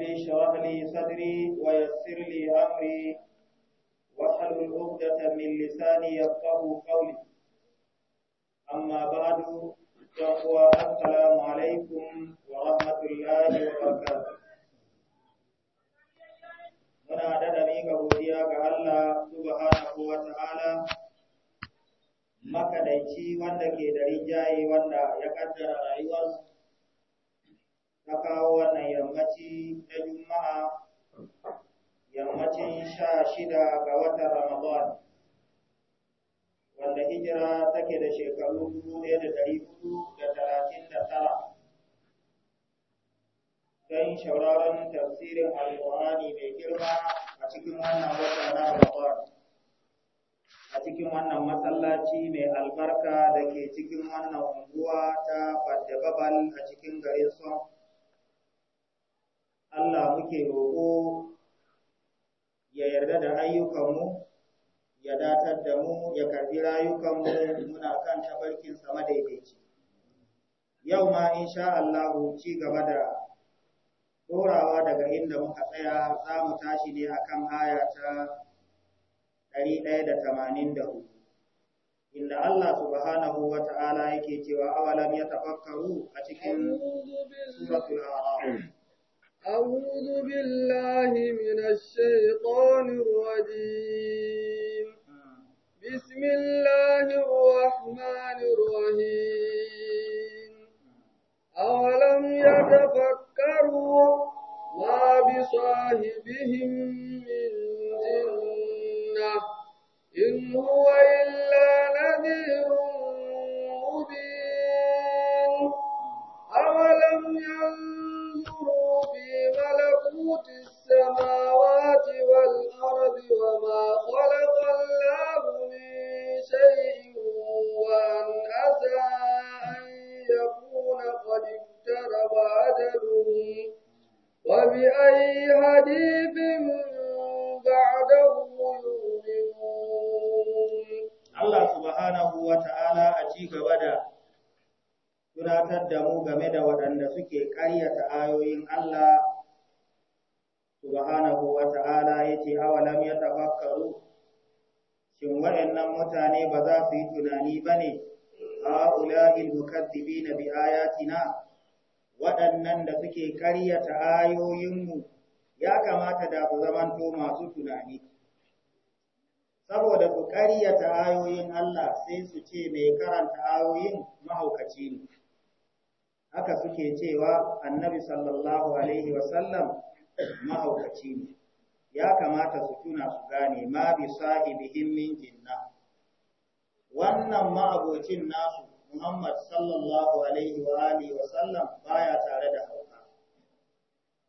ربي اشرح لي صدري ويسر لي أمري واحلل عقدة من لساني يفقه قولي أما بعد فهو السلام عليكم ورحمة الله وبركاته muna dada daɗa ga godiya ga Allah subhanahu wa ta'ala makadaici wanda ke da rijaye wanda ya kaddara rayuwarsu ta kawo wannan yammaci ta juma'a yammacin sha shida ga watan ramadan wanda hijira take da shekaru dubu da ɗari hudu da talatin da tara don shauraron tafsirin alƙur'ani mai girma a cikin wannan watan ramadan a cikin wannan masallaci mai albarka da ke cikin wannan unguwa ta Badda Babal a cikin garin Son Allah muke roƙo ya yarda da ayyukanmu, ya datar da mu, ya karbi rayukanmu muna kan tabarkin sama daidaici. Yau ma in sha Allah ci gaba da ɗorawa daga inda muka tsaya za mu tashi ne akan aya ta hudu. Inda Allah subhanahu wa ta'ala yake cewa awalam ya tafakkaru a cikin suratul A'raf. أعوذ بالله من الشيطان الرجيم بسم الله الرحمن الرحيم أولم يتفكروا ما بصاحبهم من جنة إن هو إلا نذير ملكوت السماوات والأرض وما خلق الله من شيء وأن أسى أن يكون قد اقترب أجله وبأي حديث بعده يؤمنون Allah subhanahu wa ta'ala a ci gaba da tunatar da mu game da waɗanda suke ƙaryata ayoyin Allah subhanahu wa ta'ala ya ce lam ya tafakkaru shin waɗannan mutane ba za su yi tunani ba ne a ula'il mukaddibi na biaya tina? waɗannan da suke karyata ayoyinmu ya kamata da ku zamanto masu tunani saboda ku karyata ayoyin Allah sai su ce mai karanta ayoyin mahaukaci ne haka suke cewa annabi sallallahu alaihi wasallam mahaukaci ne ya kamata su tuna su gane ma bi sahibihim min jinna wannan ma'abocin nasu Muhammad sallallahu alaihi wa alihi wa sallam baya tare da hauka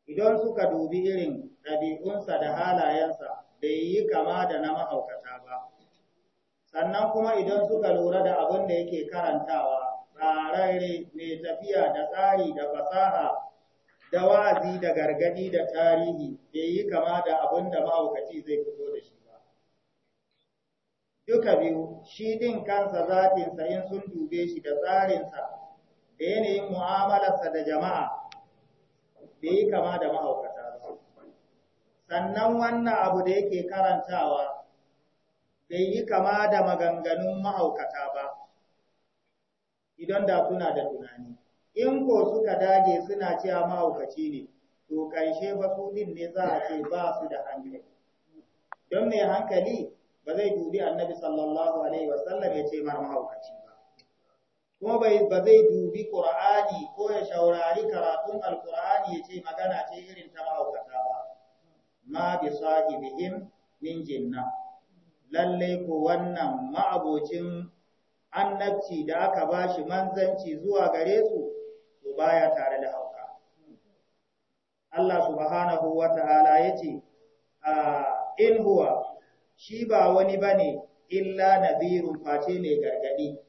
idan suka dubi irin ɗabi'unsa da halayensa bai yi kama da na mahaukata ba sannan kuma idan suka lura da abin da yake karantawa tsararre mai tafiya da tsari da fasaha da wa'azi da gargadi da tarihi bai yi kama da abin da mahaukaci zai fito da shi ba. Duka biyu, shi din kansa zafinsa in sun dube shi da tsarinsa da yanayin mu'amalarsa da jama'a bai yi kama da mahaukata Sannan wannan abu da yake karantawa bai yi kama da maganganun mahaukata ba, idan da kuna da tunani. in ko suka dage suna cewa mahaukaci ne to ƙarshe ba su din ne za a ce ba su da hankali don mai hankali ba zai dubi annabi sallallahu alaihi wa sallam ya ce mar mahaukaci ba kuma bai ba zai dubi qur'ani ko ya shaurari karatun alqur'ani ya ce magana ce irin ta mahaukata ba ma bi sahibihim min jinna lalle ko wannan ma'abocin annabci da aka ba shi manzanci zuwa gare su baya tare da hauka Allah subhanahu wa ta'ala yace in huwa shi ba wani bane illa nadhirun face mai gargadi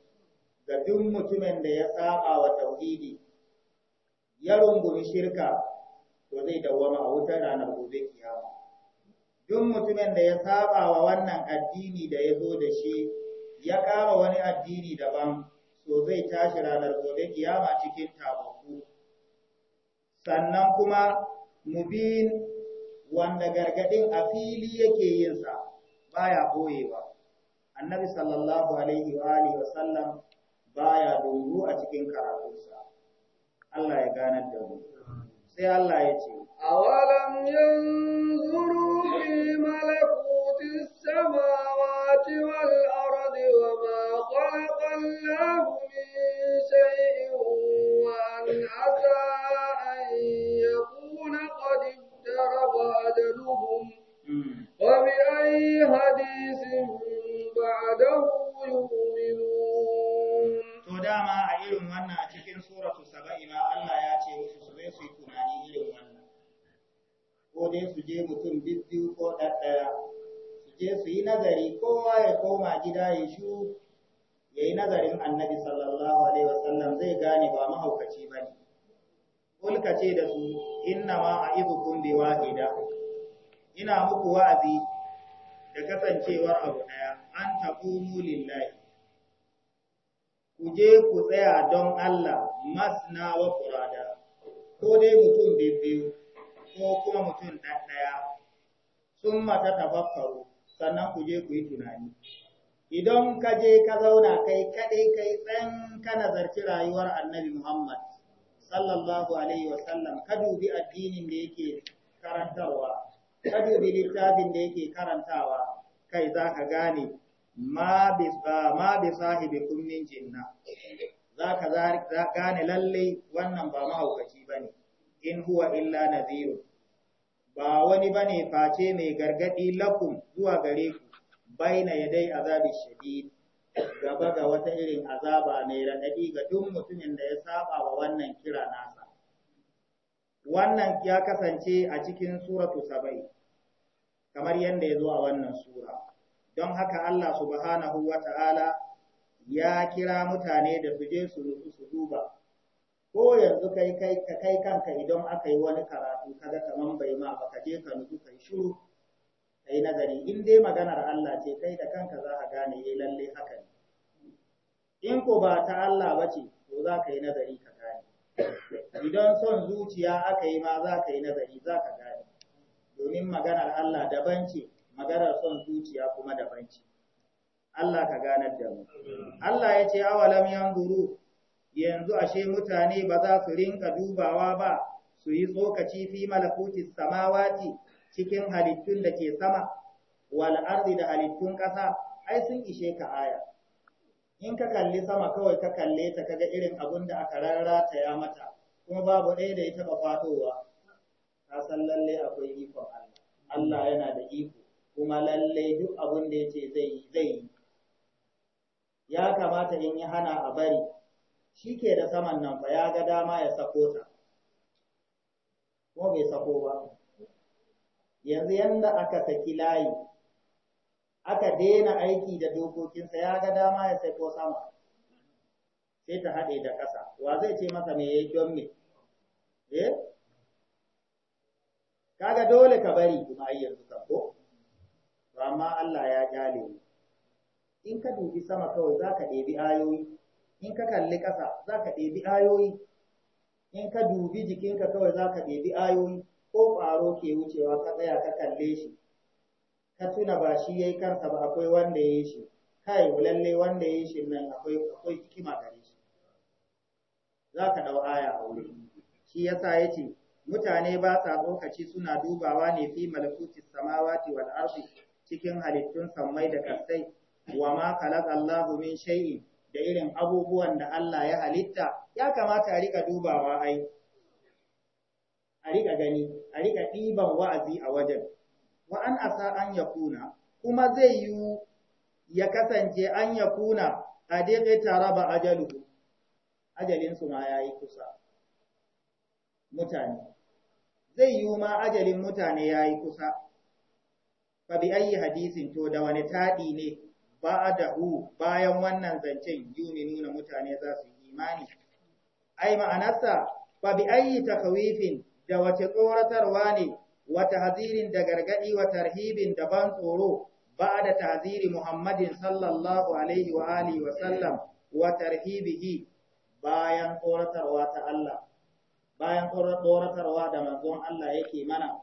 ga duk mutumin da ya saba wa tauhidi ya rungumi shirka to zai dawwama a wutar ranar gobe kiyama duk mutumin da ya saba wa wannan addini da ya zo da shi ya kama wani addini daban to zai tashi ranar gobe kiyama cikin tabo sannan kuma mubin wanda gargadin a fili yake yinsa baya boyewa annabi sallallahu alaihi wa alihi wa sallam baya dungu a cikin karatunsa Allah ya gane da mu sai Allah ya ce awalam yanzuru fi malakuti samawati wal ardi wa ma khalaqa min shay'in wa an وقاتلهم وبأي حديث بعده يؤمنون to dama a irin wannan a cikin suratu saba'i ma Allah ya ce musu su zai su yi irin wannan ko dai su je mutum biyu ko ɗaɗɗaya su je su yi nazari kowa ya koma gida ya shu ya yi nazarin annabi sallallahu alaihi wasallam zai gane ba mahaukaci ba ne kulka ce da su inna ma a ibukun bi wahida ina muku wa'azi da kasancewar abu ɗaya. an taqumu mulillahi. ku je ku tsaya don Allah masna wa furada ko dai mutum biyu ko kuma mutum ɗaya Sun mata tafakkaru sannan ku je ku yi tunani idan ka je ka zauna kai kaɗai kai ɗan ka nazarci rayuwar annabi Muhammad sallallahu alaihi wasallam ka dubi addinin da yake karantarwa ka dubi littafin da yake karantawa kai za ka gane ma bi sahibi min jinna za ka gane lallai wannan ba mahaukaci ba ne in huwa illa naziru ba wani ba ne face mai gargaɗi lakum zuwa gare ku baina yadai azabi shadid gaba ga wata irin azaba mai raɗaɗi ga duk mutumin da ya saba wa wannan kira nasa. Wannan ya kasance a cikin suratu saba'i, kamar yadda ya zo a wannan sura. Don haka Allah subhanahu wa ta'ala ya kira mutane da su je su rufu su duba, ko yanzu kai kai kanka idan aka yi wani karatu kaga kamar bai ma ba ka je ka nutsu kai shuru. kai nazari in dai maganar Allah ce kai da kanka za ka gane eh lalle haka ne in ko ba ta Allah ba ce to za ka yi nazari ka gane idan son zuciya aka yi ma za ka yi nazari za ka gane domin maganar Allah daban ce maganar son zuciya kuma daban ce Allah ka ganar da mu Allah ya ce awalam yanzuru yanzu ashe mutane ba za su rinka dubawa ba su yi tsokaci fi malakutis samawati cikin halittun da ke sama wal ardi da halittun ƙasa ai sun ishe ka aya in ka kalli sama kawai ka kalle ta kaga irin abun da aka rarrata ya mata kuma babu ɗaya da ya taɓa faɗowa ka san lalle akwai ikon Allah Allah yana da iko kuma lalle duk abun da yake zai yi zai yi ya kamata in yi hana a bari shi ke da saman nan fa ya ga dama ya sako ta ko bai sako ba yanzu yanda aka saki layi aka daina aiki da dokokinsa ya ga dama ya sai ko sama sai ta haɗe da ƙasa wa zai ce masa me yayi don me eh kaga dole ka bari kuma ai yanzu ka ko amma Allah ya jale mu in ka dubi sama kawai za ka ɗebi ayoyi in ka kalli ƙasa za ka ɗebi ayoyi in ka dubi jikinka kawai za ka ɗebi ayoyi ko ƙwaro ke wucewa ka tsaya ka kalle shi ka tuna ba shi yayi kansa ba akwai wanda ya yi shi kai lalle wanda ya yi shi nan akwai akwai hikima gare shi za ka dau aya a wuri, shi ya ce mutane ba sa tsokaci suna dubawa ne fi malakuti samawati wal ardi cikin halittun sammai da kasai wa ma Allah min shay'in da irin abubuwan da Allah ya halitta ya kamata a rika dubawa ai riƙa gani a riƙa ɗiban wa'azi a wajen wa an asa an ya kuna kuma zai yi ya kasance an ya kuna a daidai tara ba ajalu ajalinsu ma ya yi kusa mutane zai yi ma ajalin mutane ya yi kusa fa bi ayi hadisin to da wani taɗi ne ba da hu bayan wannan zancen yuminu nuna mutane za su yi imani ai ma'anarsa fa bi ayi takawifin da wace tsoratarwa ne wa tahzirin da gargadi wa tarhibin da ban tsoro da tahziri Muhammadin sallallahu alaihi wa alihi wa sallam wa tarhibihi bayan tsoratarwa ta Allah bayan tsoratarwa da manzon Allah yake mana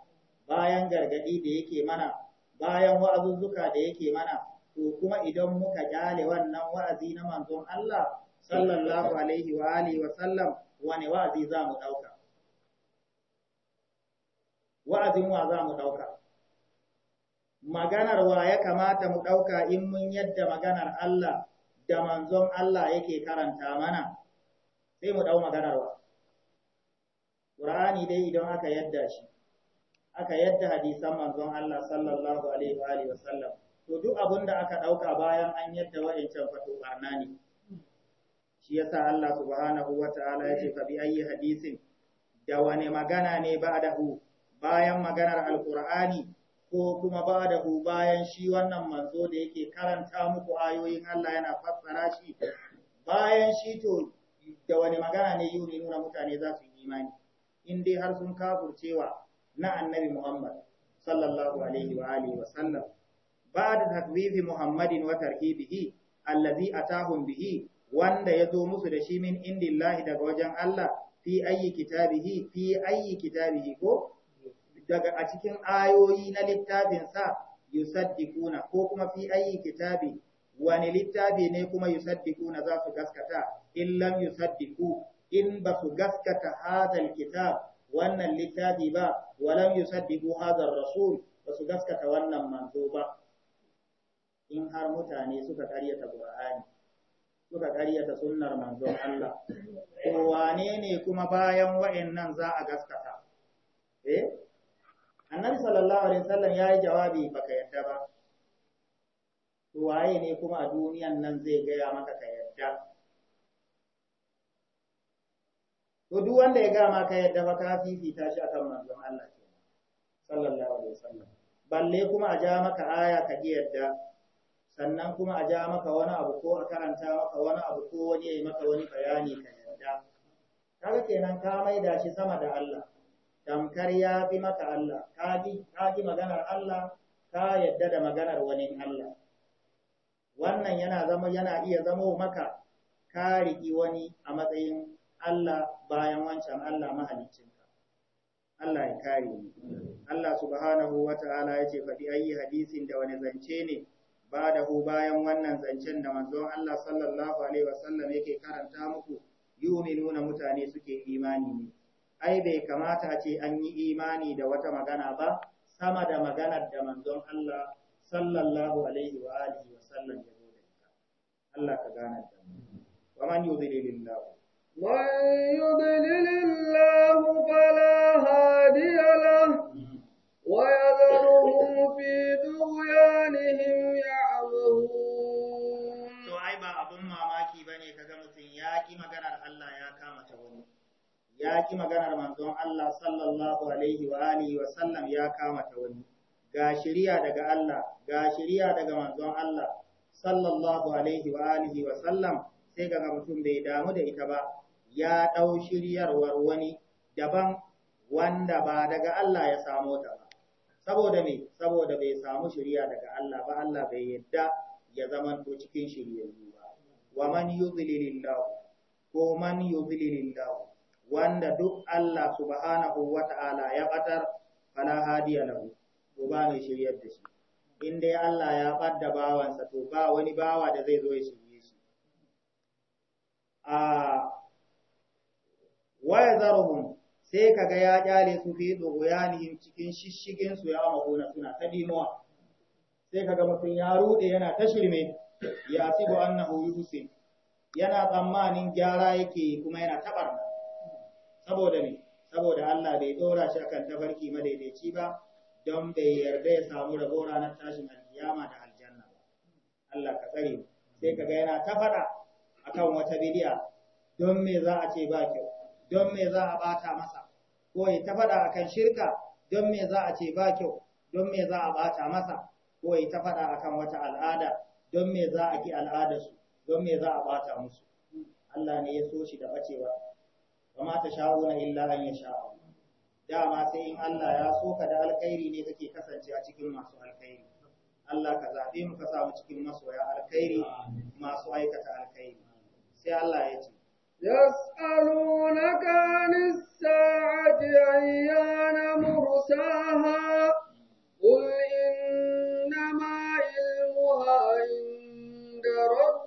bayan gargadi da yake mana bayan wa'azuzzuka da yake mana to kuma idan muka kyale wannan wa'azi na manzon Allah sallallahu alaihi wa alihi wa sallam wani wa'azi za mu ɗauka? wa'azin wa za mu ɗauka maganar wa ya kamata mu ɗauka in mun yadda maganar Allah da manzon Allah yake karanta mana sai mu ɗau maganar wa ƙur'ani dai idan aka yadda shi aka yadda hadisan manzon Allah sallallahu alaihi wa sallam to duk abin da aka ɗauka bayan an yadda wa'ancan fato barna ne shi yasa Allah subhanahu wa ta'ala ya ce fa bi ayyi hadisin da wani magana ne ba hu. bayan maganar alkur'ani ko kuma ba da hu bayan shi wannan manzo da yake karanta muku ayoyin Allah yana fassara shi bayan shi to da wani magana ne yi nuna mutane za su yi imani in dai har sun kafurcewa na annabi Muhammad sallallahu alaihi wa alihi wa sallam ba'da takzifi Muhammadin wa tarhibihi allazi atahum bihi wanda ya zo musu da shi min indillahi daga wajen Allah fi ayyi kitabihi fi ayyi kitabihi ko daga a cikin ayoyi na littafinsa yusaddiquna ko kuma fi ayi kitabi wani littafi ne kuma yusaddiquna za su gaskata in lam yusaddiqu in ba su gaskata hadal kitab wannan littafi ba walam yusaddiqu hadal rasul ba su gaskata wannan manzo ba in har mutane suka karyata qur'ani suka karyata sunnar manzon Allah to wane ne kuma bayan wa'annan za a gaskata annabi sallallahu alaihi wasallam ya yi jawabi baka yadda ba to waye ne kuma a duniyan nan zai gaya maka ka yadda to duk wanda ya gaya maka yadda ba ka fifita shi akan manzon Allah sallallahu alaihi wasallam balle kuma a ja maka aya ka ji yadda sannan kuma a ja maka wani abu ko a karanta maka wani abu ko wani ya yi maka wani bayani ka yadda kaga kenan ka maida shi sama da Allah tamkar ya fi maka Allah ka ji maganar Allah ka yadda da maganar wani Allah wannan yana iya zama maka ka riƙi wani a matsayin Allah bayan wancan Allah mahaliccinka Allah ya kare ni Allah subhanahu Ta'ala ya ce faɗi ayi hadisin da wani zance ne ba da hu bayan wannan zancen da manzon Allah sallallahu alaihi wasallam yake karanta muku yuminuna mutane suke imani ne ai bai kamata a ce an yi imani da wata magana ba sama da maganar da manzon Allah sallallahu alaihi wa alihi wa sallam ya gode da Allah ka gane da mu wa man yudlilillahu wa yudlilillahu fala ya ki maganar manzon Allah sallallahu alaihi wa alihi wa sallam ya kama ta wani ga shiriya daga Allah ga shiriya daga manzon Allah sallallahu alaihi wa alihi wa sallam sai ga mutum bai damu da ita ba ya dau shiryarwar wani daban wanda ba daga Allah ya samo ta ba saboda me saboda bai samu shiriya daga Allah ba Allah bai yadda ya zamanto cikin shiryayyu ba wa man yudlilillahu ko man yudlilillahu wanda duk Allah subhanahu wa ta'ala ya batar fala hadiya lahu to ba mai shiryar da shi in dai Allah ya ɓadda bawansa to ba wani bawa da zai zo ya shirye shi a waya zarhum sai kaga ya kyale su fi tsogoyanihim cikin shishigin su ya mahuna suna ta sai kaga mutum ya rude yana ta shirme ya sigo annahu yusin yana tsammanin gyara yake kuma yana tabarna saboda ne, saboda Allah bai dora shi akan tafarki madaidaici ba don bai yarda ya samu rabo ranar tashin alkiyama da aljanna ba Allah ka tsare sai kaga yana ta faɗa akan wata bidiya don me za a ce ba kyau don me za a bata masa ko ya ta fada akan shirka don me za a ce ba kyau don me za a bata masa ko ya ta fada akan wata al'ada don me za a ki al'adarsu don me za a bata musu Allah ne ya so shi da bacewa kama ta sha'una illa an ya sha'a dama sai in Allah ya so ka da alkhairi ne kake kasance a cikin masu alkhairi Allah ka zabe mu ka samu cikin masoya alkhairi masu aikata alkhairi sai Allah ya ce yas'alunaka عن ayyana mursaha qul قل إنما inda عند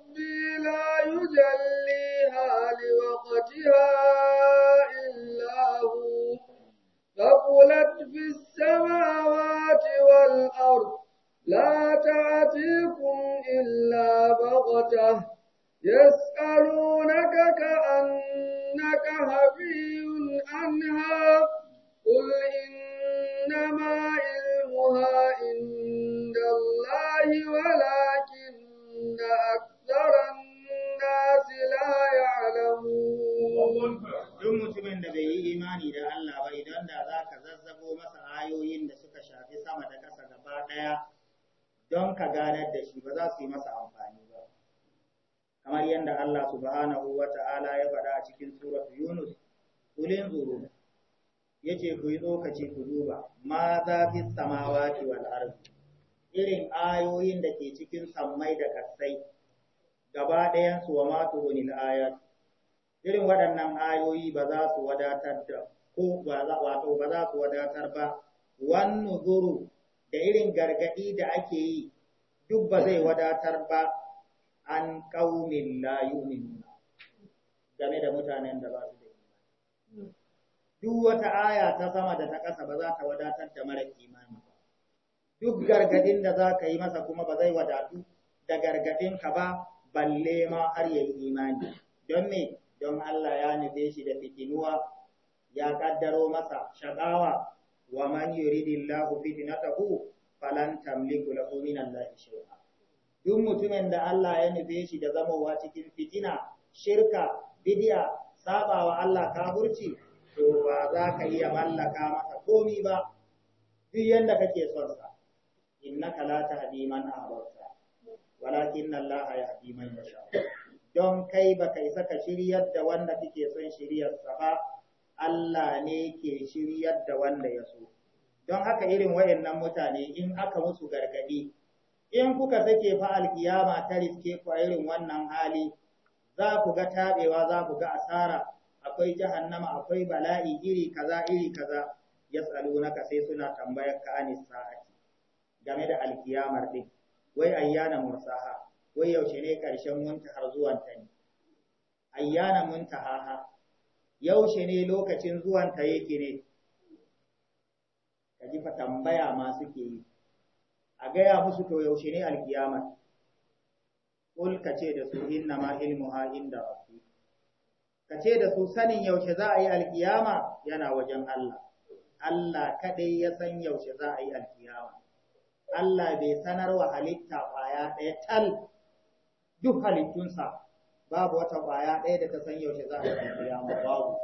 يطغتها إلا هو ثقلت في السماوات والأرض لا تأتيكم إلا بغتة يسألونك كأنك هبي عنها قل إنما علمها عند الله ولكن أكثر الناس لا يعلمون duk mutumin da bai yi imani da Allah ba idan da za ka zazzabo masa ayoyin da suka shafi sama da ƙasa gaba ɗaya don ka ganar da shi ba za su yi masa amfani ba. Kamar yadda Allah subhanahu wa ta'ala ya faɗa a cikin surat Yunus, kulin tsoro ya ce ku yi tsokaci ku duba, ma za fi ki wal irin ayoyin da ke cikin sammai da kassai, gaba ɗayansu wa matu wani la'ayatu. irin waɗannan ayoyi ba za su wadatar da ko wato ba za su wadatar ba wannan zuru da irin gargaɗi da ake yi duk ba zai wadatar ba an ƙaumin layunin game da mutanen da ba su da imani. Duk wata aya ta sama da ta ƙasa ba za ta wadatar da mara imani ba. Duk gargaɗin da za ka yi masa kuma ba zai wadatu da gargaɗinka ba balle ma har yayi imani. Don me don Allah ya nufe shi da fitinuwa ya ƙaddaro masa shagawa wa man yuridillahu fitnatahu falan tamliku lahu min Allahi shay'a duk mutumin da Allah ya nufe shi da zamowa cikin fitina shirka bidiya sabawa Allah kafurci to ba za ka iya mallaka masa komi ba duk yanda kake son sa innaka la tahdi man ahbabta walakin Allah yahdi man yasha don kai ba kai saka shiryar da wanda kake son shiryarsa ba, Allah ne ke shiryar da wanda ya so. Don haka irin wayannan mutane in aka musu gargadi. in kuka sake fa alkiyama ta riske ku a irin wannan hali, za ku ga taɓewa, za ku ga asara, akwai jahannama, akwai bala'i iri kaza iri kaza, ya naka sai suna tambayar ka anis sa'ati game da alkiyamar ɗin, wai ayyana mursaha. wai yaushe ne ƙarshen muntahar zuwanta ne ayyana muntahaha yaushe ne lokacin zuwanta yake ne kaji fa tambaya ma suke yi a gaya musu to yaushe ne alkiyama kul kace da su inna ma ilmuha inda rabbi kace da su sanin yaushe za a yi alkiyama yana wajen Allah Allah kadai ya san yaushe za a yi alkiyama Allah bai sanar wa halitta kwaya ɗaya tal duk halittunsa babu wata kwaya ɗaya da ta san yaushe za a yi kiyama babu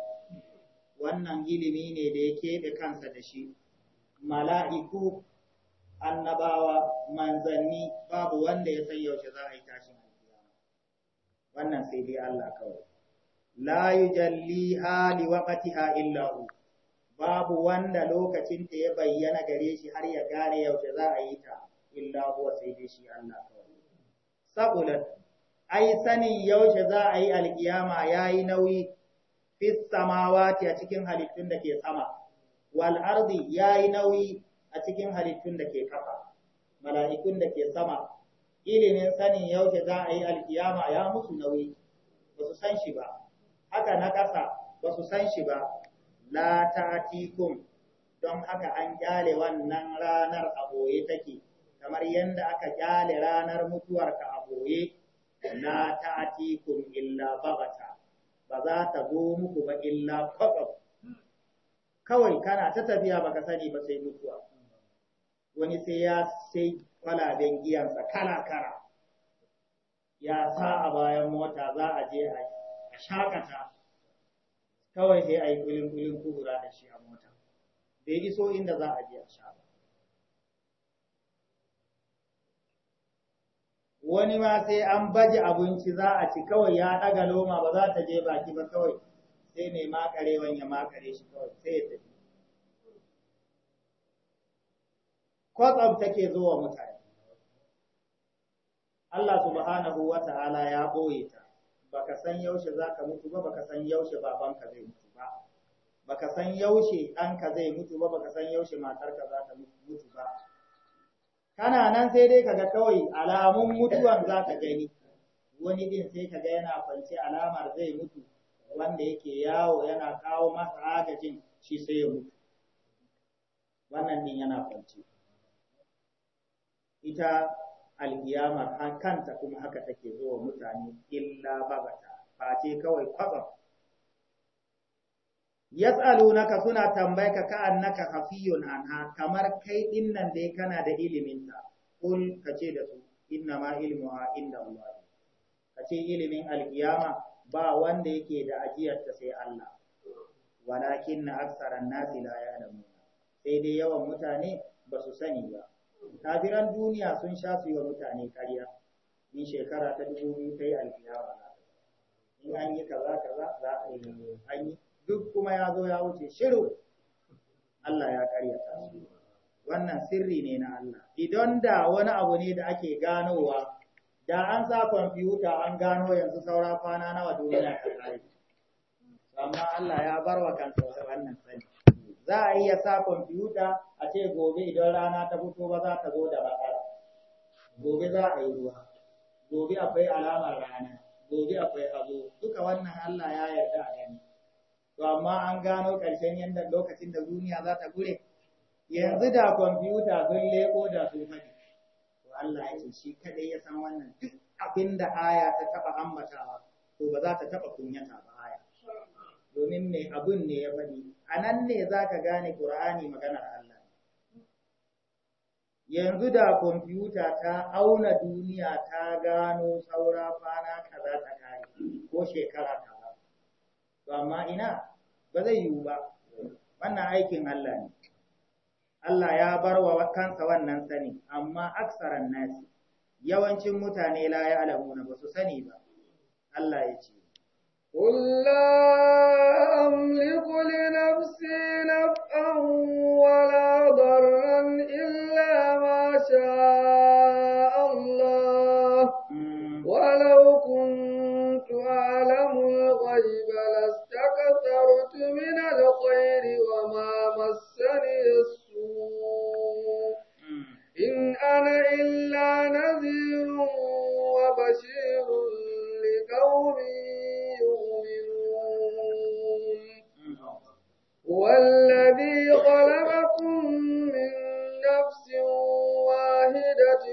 wannan ilimi ne da ya keɓe kansa da shi mala'iku annabawa manzanni babu wanda ya san yaushe za a yi tashin alkiyama wannan sai dai Allah kawai la yujalliha li waqtiha illa hu babu wanda lokacin ta ya bayyana gare shi har ya gane yaushe za a yi ta illa huwa sai dai shi Allah kawai Sabulan. ai sanin yaushe za a yi alkiyama yi nauyi fi samawati a cikin halittun da ke sama wal ardi yi nauyi a cikin halittun da ke kafa mala'ikun da ke sama ilimin sanin yaushe za a yi alkiyama ya musu nauyi ba su san shi ba haka na ƙasa ba su san shi ba la ta'tikum don haka an kyale wannan ranar a boye take kamar yadda aka kyale ranar mutuwarka a boye la kun illa bagata ba za ta zo muku ba illa kwatsam kawai kana ta tafiya baka sani ba sai mutuwa wani sai ya sai kwalaben giyansa kala kara. ya sa a bayan mota za a je a shakata kawai sai a yi kulin kulin kubura da shi a mota bai iso inda za a je a sha wani ma sai an baje abinci za a ci kawai ya ɗaga loma ba za ta je baki ba kawai sai mai makarewan ya makare shi kawai sai ya tafi kwatsam take zuwa mutane Allah subhanahu wa ta'ala ya ɓoye ta baka san yaushe za ka mutu ba baka san yaushe babanka zai mutu ba baka san yaushe ɗanka zai mutu ba baka san yaushe matarka za ta mutu ba kana nan sai dai kaga kawai alamun mutuwan za ka gani wani din sai kaga yana kwance alamar zai mutu wanda yake yawo yana kawo masa agajin shi sai ya mutu wannan din yana kwance ita alkiyama kanta kuma haka take zo mutane illa babata face kawai kwatsam naka suna tambayaka ka annaka hafiyun anha kamar kai dinnan da kana da ilimin ta ka ce da su inna ma ilmuha inda Allah ce ilimin alkiyama ba wanda yake da ajiyar ta sai Allah walakin na aksaran nasi la da sai dai yawan mutane ba su sani ba kafiran duniya sun sha su yi mutane karya in shekara ta dubu biyu ta yi alkiyama in an yi kaza kaza za a yi an yi duk kuma ya zo ya wuce shiru Allah ya karyata su wannan sirri ne na Allah idan da wani abu ne da ake ganowa da an sa kwamfuta an gano yanzu saura kwana nawa duniya ta kare amma Allah ya bar wa kansa wannan sani za a iya sa kwamfuta a ce gobe idan rana ta fito ba za ta zo da matsala gobe za a yi ruwa gobe akwai alamar rana gobe akwai abu. duka wannan Allah ya yarda a gani to amma an gano ƙarshen yadda lokacin da duniya za ta gure yanzu da kwamfuta sun leko da sun faɗi to Allah ya ce shi kadai ya san wannan duk abin da aya ta taɓa ambatawa to ba za ta taɓa kunyata ba aya domin mai abun ne ya faɗi a nan ne za ka gane ƙur'ani maganar Allah yanzu da kwamfuta ta auna duniya ta gano saura kwana kaza ta kare ko shekara ta to amma ina ba zai yiwu ba wannan aikin Allah ne Allah ya bar wa kansa wannan sani amma aksaran nasi yawancin mutane la ya alamuna ba su sani ba Allah ya ce قل لا هو الذي خلقكم من نفس واحدة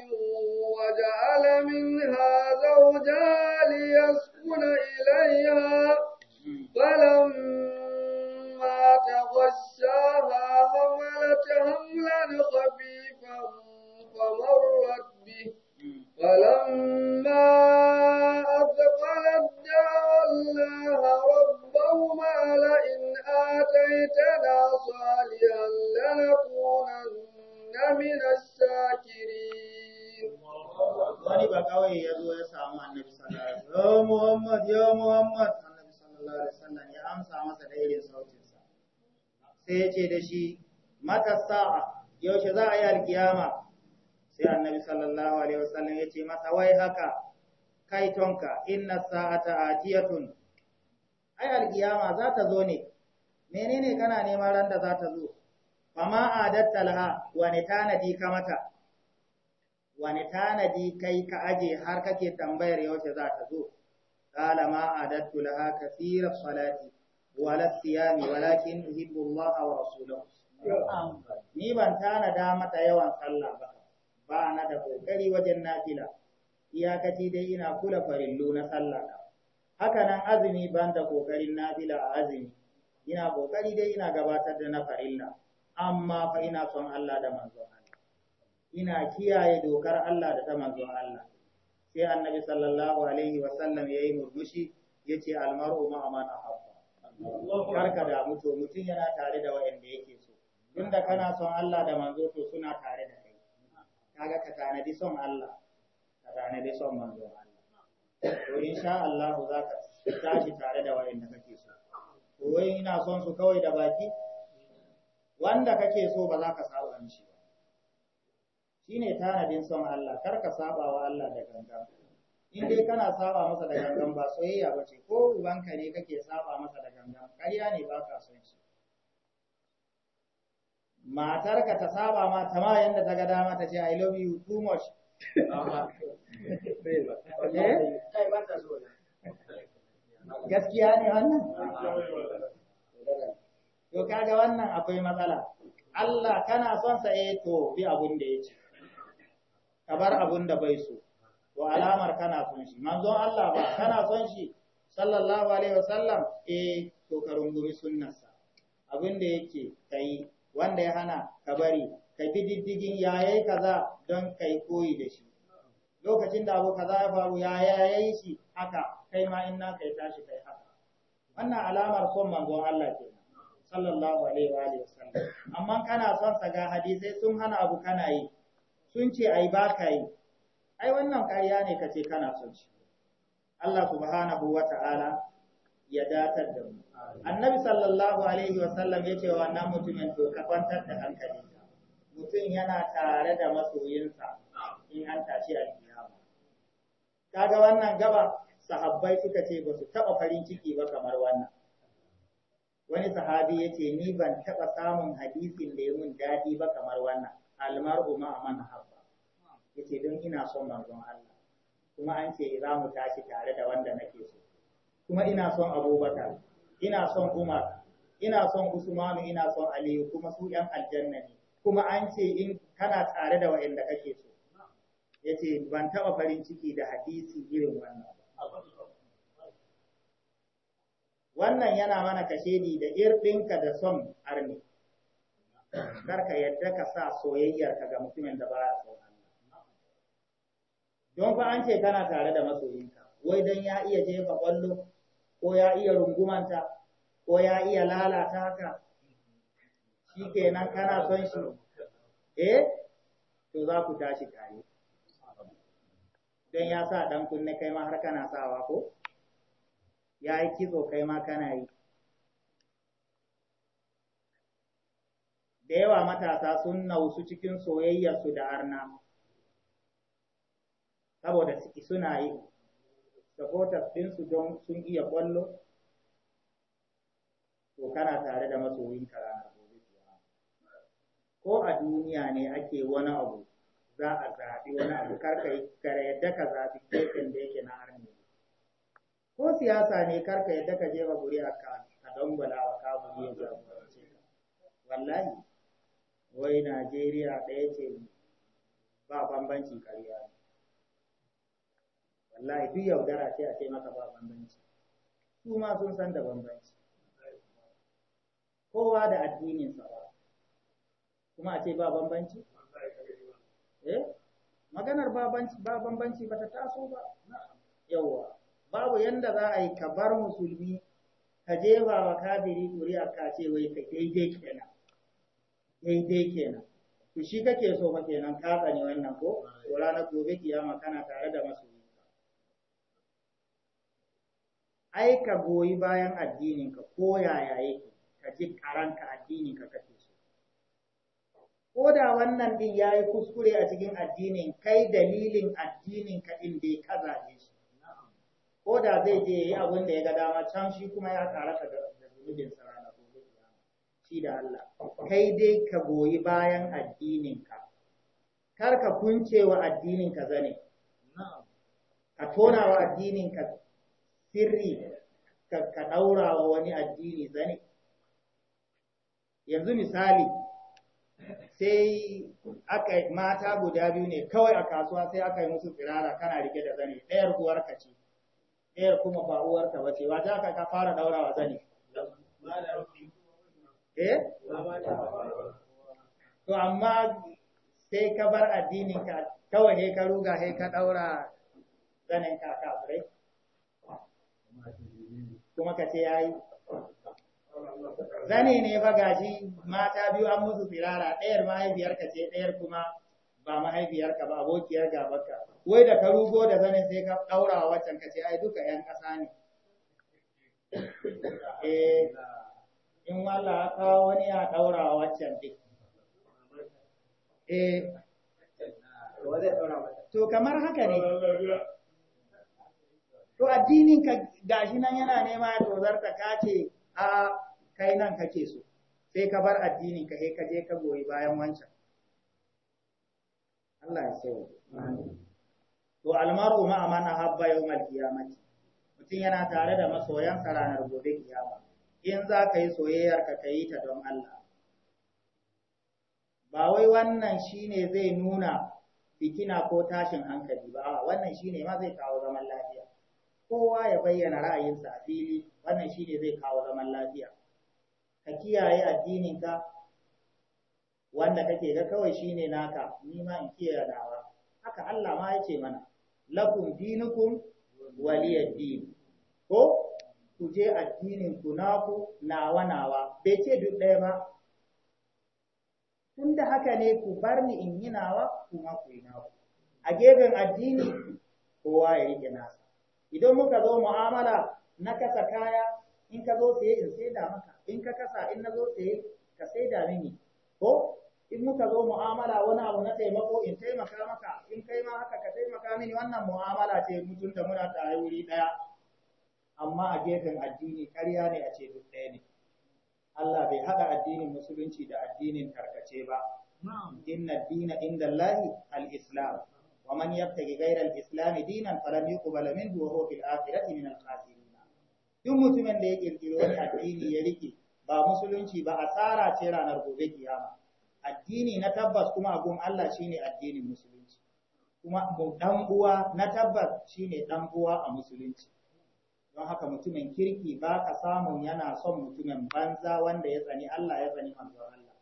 وجعل منها زوجها ليسكن إليها فلما تغشاها حملت حملا خفيفا فمرت به فلما ائتنا صالحا لنكونن من الشاكرين wani ba kawai ya zo ya samu annabi sallallahu alaihi wasallam ya Muhammad ya Muhammad annabi sallallahu alaihi wasallam ya amsa masa da irin sautinsa sai ya ce da shi mata sa'a yaushe za a yi alkiyama sai annabi sallallahu alaihi wasallam ya ce masa wai haka kai tonka inna sa'ata atiyatun ai alkiyama za ta zo ne menene kana neman ran da za ta zo fama adatta laha wani tanadi ka mata wani kai ka aje har kake tambayar yaushe za ta zo qala ma adattu laha kaseera salati wala siyami walakin uhibbu Allah wa rasulahu ni ban tanada mata yawan sallah ba ba na da kokari wajen nafila iyakaci dai ina kula farillu na sallah haka nan azumi ban da kokarin nafila a azumi ina kokari dai ina gabatar da na farilla amma fa ina son Allah da manzon Allah ina kiyaye dokar Allah da ta manzon Allah sai annabi sallallahu alaihi wa sallam yayi murmushi yace almar'u ma amana ahabba karka da mutu mutun yana tare da wanda yake so tunda kana son Allah da manzo to suna tare da kai kaga ka tanadi son Allah ka tanadi son manzo Allah to insha Allah za ka tashi tare da wanda kake so wai ina son su kawai da baki wanda kake so ba za ka saba mishi ba shine tanadin son Allah kar ka saba wa Allah da gangan in dai kana saba masa da gangan ba soyayya ba ce ko ubanka ne kake saba masa da gangan ƙarya ne ba ka son shi matarka ta saba ma ta ma yanda ta ga dama ta ce I love you too much. Eh? gaskiya ne wannan to kaga wannan akwai matsala Allah kana son sa eh to bi abun da yake ka bar abun da bai so to alamar kana son shi Manzo Allah ba kana son shi sallallahu alaihi wasallam eh to ka rungumi sunnarsa abin da yake kai wanda ya hana ka bari ka bi diddigin yayayi kaza don kai koyi da shi lokacin da abu kaza ya faru ya yayi shi haka kai ma in naka ya tashi kai haka wannan alamar son manzon Allah ke sallallahu alaihi wa alihi wasallam amma kana son sa ga hadisi sun hana abu kana yi sun ce ai ba ka yi ai wannan ƙarya ne kace kana son shi Allah subhanahu wa ta'ala ya datar da mu annabi sallallahu alaihi wa sallam yace wa wannan mutumin to ka kwantar da hankali mutum yana tare da masoyinsa in an tashi alkiyama kaga wannan gaba sahabbai suka ce ba su taɓa farin ciki ba kamar wannan. Wani sahabi ya ce, Ni ban taɓa samun hadisin da ya mun daɗi ba kamar wannan, almar'u ma'aman habba. Ya ce, Don ina son manzon Allah, kuma an ce za mu tashi tare da wanda nake so. Kuma ina son Abubakar, ina son Umar, ina son Usmanu, ina son Aliyu, kuma su ‘yan aljanna ne, kuma an ce in kana tare da waɗanda kake so. Ya ce, Ban taɓa farin ciki da hadisi irin wannan. wannan yana mana kashe ni da irɗinka da son arni kar ka yadda ka sa soyayyarka ga mutumin da baya ya Allah don fa an ce kana tare da masoyinka wai don ya iya jefa ƙwallo ko ya iya rungumanta ko ya iya lalata haka shi kenan kana son shi eh to za ku tashi tare don ya sa dan kunne kai ma har kana sawa ko ya yi kitso kai ma kana yi da yawa matasa sun nausu cikin soyayyarsu da arna saboda suna yi supporters ɗinsu don sun iya ƙwallo to kana tare da masoyin ranar ko a duniya ne ake wani abu za a zaɓi wani abu karka yi kare yadda ka zaɓi kekin da yake na arna ko siyasa ne karka yadda ka jefa a ka ka dangwala wa guri ya jagorance ka wallahi wai Najeriya ɗaya ce ba bambanci karya ne wallahi duk yaudara ce a ce maka ba bambanci su ma sun san da bambanci kowa da sa ba kuma a ce ba bambanci eh maganar ba bambanci ba ta taso ba yauwa babu yanda za a yi ka bar musulmi ka jefa wa kafiri ƙuri'a ka ce wai ka daidai kenan daidai kenan to shi kake so fa kenan ka tsani wannan ko to ranar gobe kiyama kana tare da musulmi ai ka goyi bayan addinin ka ko yaya yake ka ji karanka addinin ka kake so ko da wannan din yayi kuskure a cikin addinin kai dalilin addinin ka din bai kaza ne ko da zai je yi abin da ya ga dama can shi kuma ya tsara ka da zunubin sa ranar gobe shi da Allah kai dai ka goyi bayan addinin ka kar ka kunce wa addinin zane ka tona wa addinin ka sirri ka ka daura wa wani addini zane yanzu misali sai aka mata guda biyu ne kawai a kasuwa sai aka yi musu tsirara kana rike da zane ɗayar ka ce ɗayar kuma ba uwarka ba ce, ba ka fara ɗaurawa zane. Eh? To, amma sai ka bar addininka kawai he ka ruga he ka ɗaura zanen ka Kuma ka ce ya yi. Zane ne ba gashi mata biyu an musu firara, ɗayar mahaifiyarka ce ɗayar kuma ba mahaifiyarka ba abokiyar gabarka wai da ka rugo da zanin sai ka daura wa waccan ka ce ai duka yan ƙasa ne eh in wala ka wani ya daura wa waccan duk eh to kamar haka ne to addinin ka gashi nan yana nema ya tozarta ka ce a kai nan kake so sai ka bar addinin ka sai ka je ka goyi bayan wancan Allah ya to almaru ma amana habba yawmal qiyamati mutum yana tare da masoyansa ranar gobe kiyama in za ka yi soyayyar ka kai ta don Allah ba wai wannan shine zai nuna fitina ko tashin hankali ba wannan shine ma zai kawo zaman lafiya kowa ya bayyana ra'ayinsa a fili wannan shine zai kawo zaman lafiya ka kiyaye addininka wanda kake ga kawai shine naka ni ma in kiyaye nawa haka Allah ma yake mana lakum dinukum waliyaddin ko ku je addinin ku naku nawa nawa bai ce duk ɗaya ba tunda haka ne ku bar ni in yi nawa kuma ku yi naku a gefen addini kowa ya rike nasa idan muka zo mu'amala na kasa kaya in ka zo saye in saida maka in ka kasa in na zo saye ka saida mini ko in muka zo mu'amala wani abu na taimako in taimaka maka in kai ma haka ka taimaka mini wannan mu'amala ce mutum da muna tare wuri ɗaya. amma a gefen addini ƙarya ne a ce duk ɗaya ne Allah bai haɗa addinin musulunci da addinin tarkace ba inna dina inda al-islam wa man yabtaghi ghayra al-islam dinan falan yuqbala minhu wa huwa fil akhirati min al-khasirin duk mutumin da ya kirkiro ni addini ya rike ba musulunci ba asara ce ranar gobe kiyama addini na tabbas kuma abun Allah shine addinin musulunci kuma dan uwa na tabbas shine dan uwa a musulunci don haka mutumin kirki ba ka samu yana son mutumin banza wanda ya tsani Allah ya tsani manzon Allah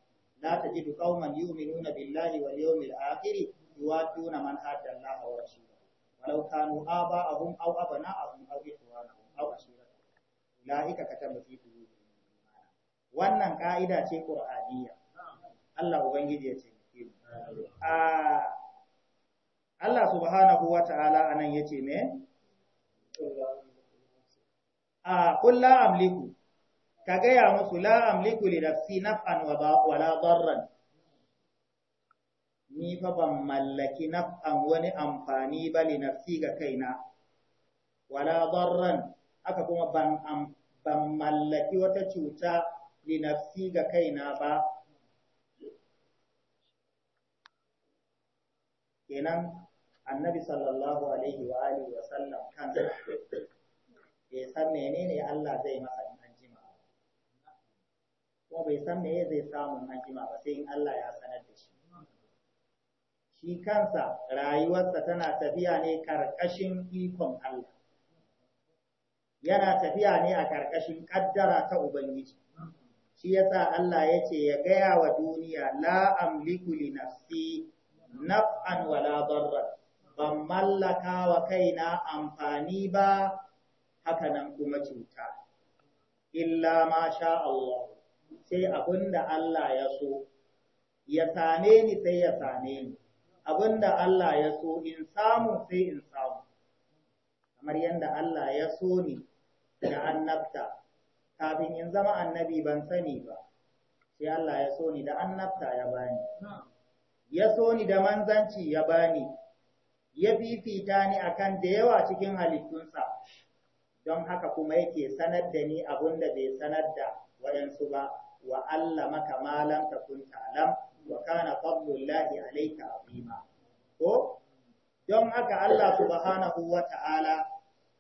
la tajidu qauman yu'minuna billahi wal yawmil akhir yuwaduna man hadda Allah wa rasulahu walau kanu aba'ahum aw abana'ahum aw ikhwanahum aw ashiratuhum ulaika kataba wannan ka'ida ce ƙur'aniya Allah ubangiji ya ce a Allah subhanahu wata'ala anan yace me a qul la amliku ka gaya musu la amliku li nafsi naf'an wa la darran ni fa ban mallaki naf'an wani amfani ba li nafsi ga kaina wala darran aka kuma ban ban mallaki wata cuta li nafsi ga kaina ba kenan annabi sallallahu alaihi wa alihi wa sallam kansa ya san menene Allah zai masa anjima? Ko bai san me zai samu anjima ba sai in Allah ya sanar da shi shi kansa rayuwarsa tana tafiya ne karkashin ikon Allah yana tafiya ne a karkashin kaddara ta ubangiji shi yasa Allah ya ce ya gaya wa duniya la amliku li nafsi naf'an wala darra ban mallaka wa kaina amfani ba haka nan kuma cuta illa ma sha Allah sai abinda Allah ya so ya same ni sai ya same ni abinda Allah ya so in samu sai in samu kamar yadda Allah ya so ni da annabta kafin in zama annabi ban sani ba sai Allah ya so ni da annabta ya bani ya so ni da manzanci ya bani ya fifita ni akan da yawa cikin halittunsa don haka kuma yake sanar da ni abun da bai sanar da waɗansu ba wa Allah maka malam ta kun talam wa kana fadlullahi alayka azima ko don haka Allah subhanahu wa ta'ala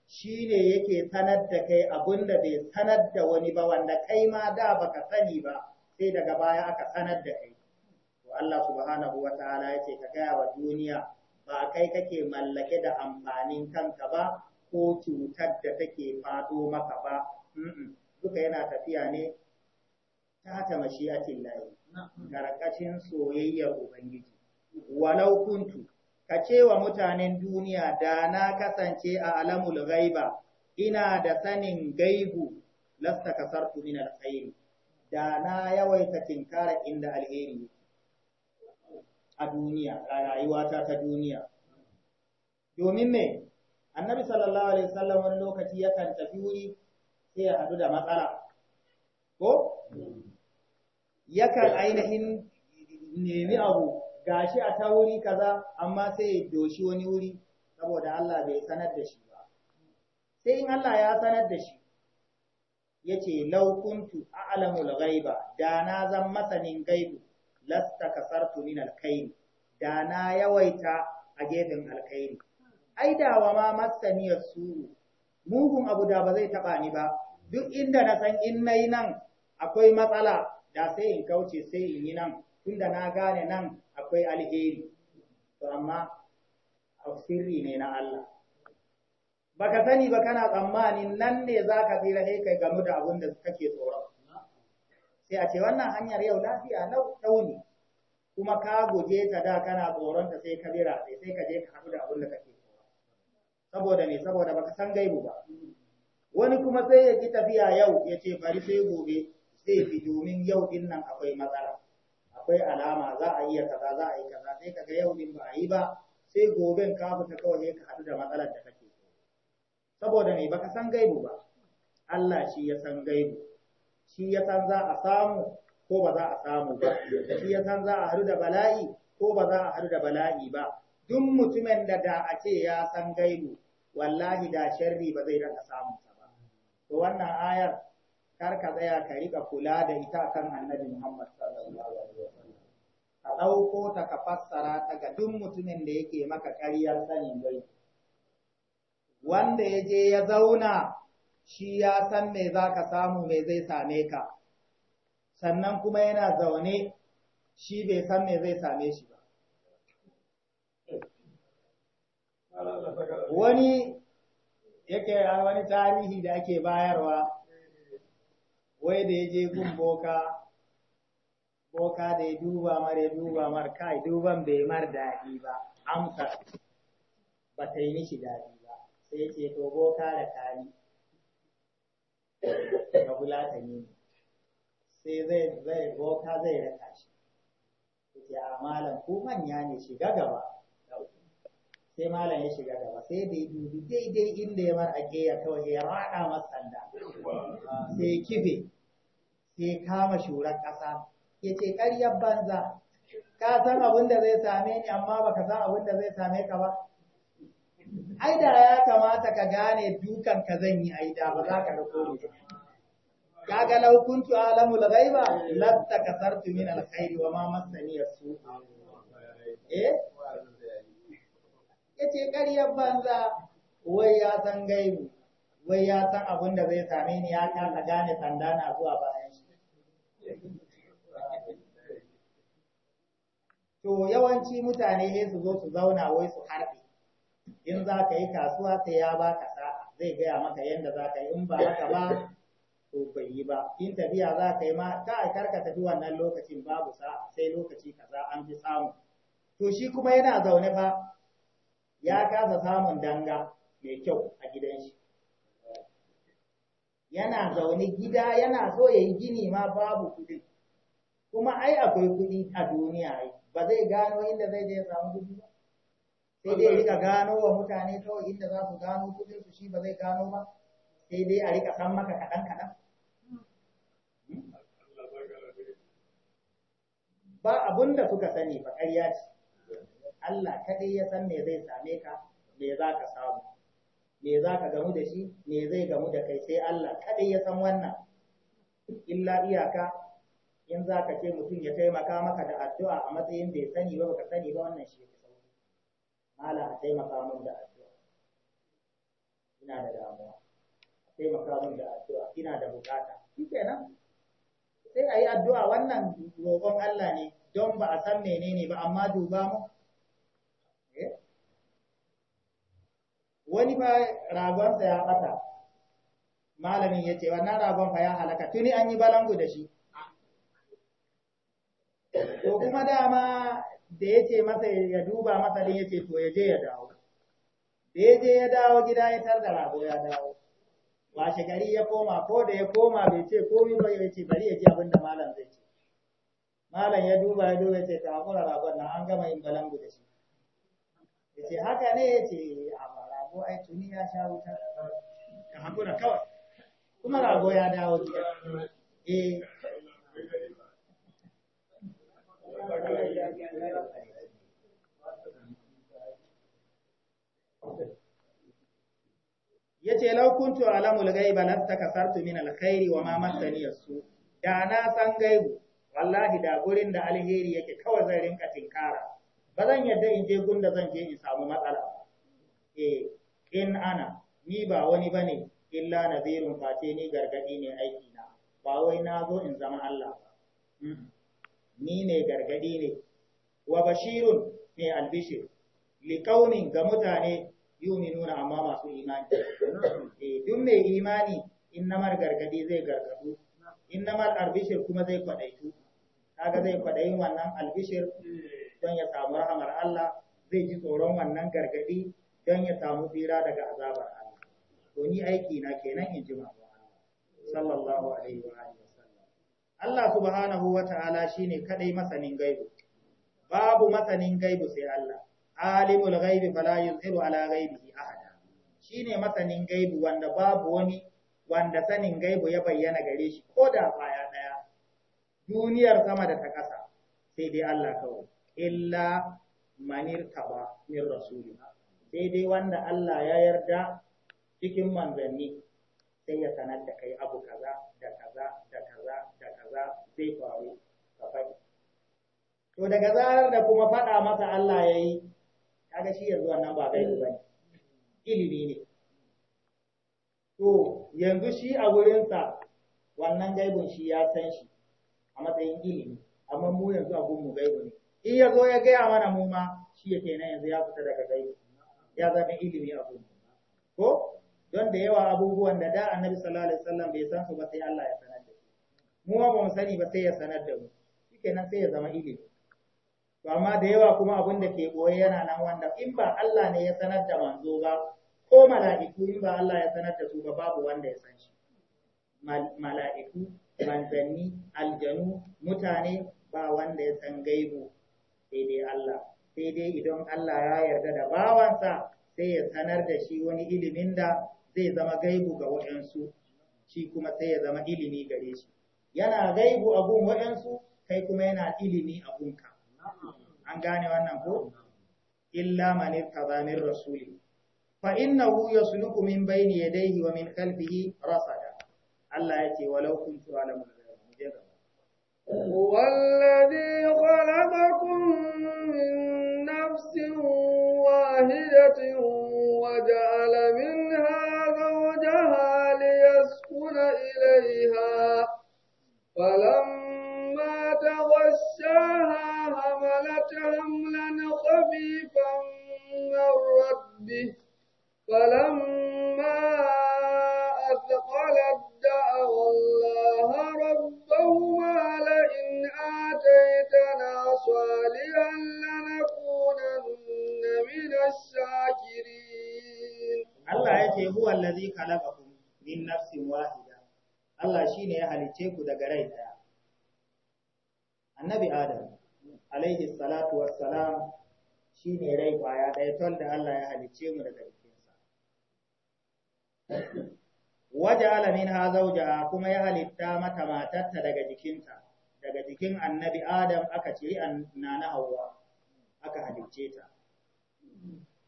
shi ne yake sanar da kai abin da bai sanar da wani ba wanda kai ma da baka sani ba sai daga baya aka sanar da kai to Allah subhanahu wataala yace ka gaya wa duniya ba kai kake mallake da amfanin kanka ba ko cutar da take fado maka ba duka yana tafiya ne ta ta mashiyatin lahi karkashin soyayyar ubangiji walau kuntu ka ce wa mutanen duniya da na kasance a alamul gaiba ina da sanin gaibu lasta kasartu min alkhairi da na yawaita tinkara inda alheri a duniya rayuwa ta duniya domin me annabi sallallahu alaihi wasallam wani lokaci ya kan tafi wuri sai ya hadu da matsala ko yakan ainihin nemi abu gashi a ta wuri kaza amma sai ya doshi wani wuri saboda Allah bai sanar da shi ba sai in Allah ya sanar da shi yace law kuntu a'lamul ghaiba da na zan masanin gaibu lasta kasartu min alkhairi da na yawaita a gefen alkhairi ai da wa ma masaniyar su mugun abu da ba zai taba ni ba duk inda na san in nayi nan akwai matsala da sai in kauce sai in yi nan tunda na gane nan akwai alheri to amma sirri ne na Allah baka sani ba kana tsammani nan ne za ka tsira kai kai gamu da abin da kake tsoro sai a ce wannan hanyar yau lafiya lau tauni kuma ka guje ta da kana tsoron ta sai ka bira sai sai ka je ka haɗu da abin da kake tsoro saboda me saboda baka san gaibu ba wani kuma sai ya ji tafiya yau ya ce bari sai gobe zai fi domin yau din nan akwai matsala akwai alama za a iya kaza za a yi kaza sai ka ga yau din ba a yi ba sai goben ka fita kawai ka hadu da matsalar da kake so saboda me baka san gaibu ba Allah shi ya san gaibu shi ya san za a samu ko ba za a samu ba shi ya san za a haɗu da bala'i ko ba za a hadu da bala'i ba duk mutumin da da a ce ya san gaibu wallahi da sharri ba zai raka samun sa ba to wannan ayar kar ka tsaya ka riƙa kula da ita a kan annabi Muhammad sallallahu alaihi sallam. ka ɗauko ta ka fassara ta ga duk mutumin da yake maka ƙaryar sanin gari. wanda ya je ya zauna shi ya san me za ka samu me zai same ka sannan kuma yana zaune shi bai san me zai same shi ba wani yake wani tarihi da ake bayarwa wai da ya je gun boka boka da ya duba mar ya duba mar kai duban bai mar daɗi ba amsa ba ta yi mishi daɗi ba sai ya ce to boka da kari ga bulata ne sai zai boka zai raka shi yake a malam ko manya ne shiga gaba sai malam ya shiga gaba sai da ya dubi daidai inda ya mar ake ya kawai ya rada masa sanda sai kife Ke kama shurar ƙasa ya ce ƙaryar banza ka san abin da zai same ni amma baka san abin da zai same ka ba ai da ya kamata ka gane dukan ka zan yi da ba za ka rako ni ka ga law kuntu alamu al-ghaiba kasartu min al-khairi wa ma massani yasu su eh yace ƙaryar banza wai ya san gaibi wai ya san abin da zai same ni ya kasa gane sanda na zuwa bayan shi To yawanci mutane ne su zo su zauna wai su harbe, in za ka yi kasuwa sai ya baka sa'a zai gaya maka yadda za ka yi in ba haka ba to bai yi ba, in tafiya za ka yi ma ta karka tafi wannan lokacin babu sa'a sai lokaci kaza an fi samu. To shi kuma yana zaune fa ya kasa samun danga mai kyau a gidan shi. yana zaune gida yana so ya yi gini ma babu kuɗi kuma ai akwai kuɗi a duniya ba zai gano inda zai je samu kuɗi ba sai dai rika gano wa mutane kawai inda za su gano kuɗin su shi ba zai gano ba sai dai a rika san maka kaɗan kaɗan ba abun da suka sani ba ƙarya ce Allah kadai ya san me zai same ka me za ka samu me za ka gamu da shi me zai gamu da kai sai Allah kadai ya san wannan illa iyaka in za ka ce mutum ya taimaka maka da addu'a a matsayin bai sani ba baka sani ba wannan shi ya sauki mala a taimaka mun da addu'a ina da damuwa a taimaka mun da addu'a ina da bukata shikenan sai a yi addu'a wannan roƙon Allah ne don ba a san menene ba amma duba mu wani ba ragonsa ya bata malamin ya ce wannan ragon fa ya halaka tuni an yi balangu da shi to kuma dama da ya ce masa ya duba masa din ya ce to ya je ya dawo da ya je ya dawo gida ya tar da rago ya dawo washe gari ya koma ko da ya koma bai ce komi ba ya ce bari ya ji abin da malam zai ce malam ya duba ya duba ya ce ka hakura ragon nan an gama yin balangu da shi ya ce haka ne ya ce a ba Ko ai tuni ya sha wuta hakura kawai kuma rago ya dawo gida eh yace law kuntu alamu al-ghaiba lastakasartu min al-khairi wa ma massani yasu da na san gaibu wallahi da gurin da alheri yake kawai zan rinka tinkara ba zan yadda in je gunda zan je in samu matsala eh in ana ni ba wani ba ne illa zirin face ni gargadi ne aiki na ba wai na zo in zama Allah ba ni ne gargadi ne wa bashirun ne albishir likaunin ga mutane nuna, amma masu imani eh duk mai imani in namar gargadi zai gargadu In namar albishir kuma zai kwadaitu kaga zai kwadayin wannan albishir don ya samu rahamar Allah zai ji tsoron wannan gargadi don ya samu tsira daga azabar Allah to ni aiki na kenan in ji manzon sallallahu alaihi wa alihi wasallam Allah subhanahu shine kadai masanin gaibu babu masanin gaibu sai Allah alimul ghaibi fala yuzhiru ala ghaibihi ahada shine masanin gaibu wanda babu wani wanda sanin gaibu ya bayyana gare shi ko da kwaya ɗaya. duniyar sama da ta ƙasa sai dai Allah kawai illa manir taba min rasulina sai dai wanda Allah ya yarda cikin manzanni sai ya sanar da kai abu kaza da kaza da kaza da kaza zai faru ka faɗi to daga zarar da kuma faɗa masa Allah ya yi kaga shi yanzu wannan ba ba ne, ilimi ne to yanzu shi a wurinsa wannan gaibun shi ya san shi a matsayin ilimi amma mu yanzu abun mu gaibu ne in ya zo ya gaya mana mu ma shi yake nan yanzu ya fita daga gaibu ya zama ilimi a gudu ko don da yawa abubuwan da da annabi sallallahu alaihi wasallam bai san su ba sai Allah ya sanar da shi mu ba mu sani ba sai ya sanar da mu shikenan sai ya zama ilimi to amma da yawa kuma abin da ke boye yana nan wanda in ba Allah ne ya sanar da manzo ba ko mala'iku in ba Allah ya sanar da su ba babu wanda ya san shi mala'iku manzanni aljanu mutane ba wanda ya san gaibu sai dai Allah sai dai idan Allah ya yarda da bawansa sai ya sanar da shi wani ilimin da zai zama gaibu ga waɗansu shi kuma sai ya zama ilimi gare shi yana gaibu abun waɗansu kai kuma yana ilimi abunka an gane wannan ko illa man tazamir rasuli fa innahu yasluku min bayni yadayhi wa min khalfihi rasada Allah yake walau kuntu alamu والذي خلقكم من آيَةٍ وجعل منها زوجها ليسكن إليها فلما تغشاها حملت حملا خفيفا مرت به فلما أثقلت دعوا الله ربهما لئن آتيتنا صالحا Allah ya ce من الشاكرين الله يتي هو الذي خلقكم من نفس واحدة الله شيني يهلتيكو دقريت النبي آدم عليه الصلاة والسلام shine rai kwaya ɗaya ton da Allah ya halicce mu daga jikinsa. Waje alamin ha zauja kuma ya halitta mata matarta daga jikinta, daga jikin annabi Adam aka ciri na na Hauwa aka halicce ta.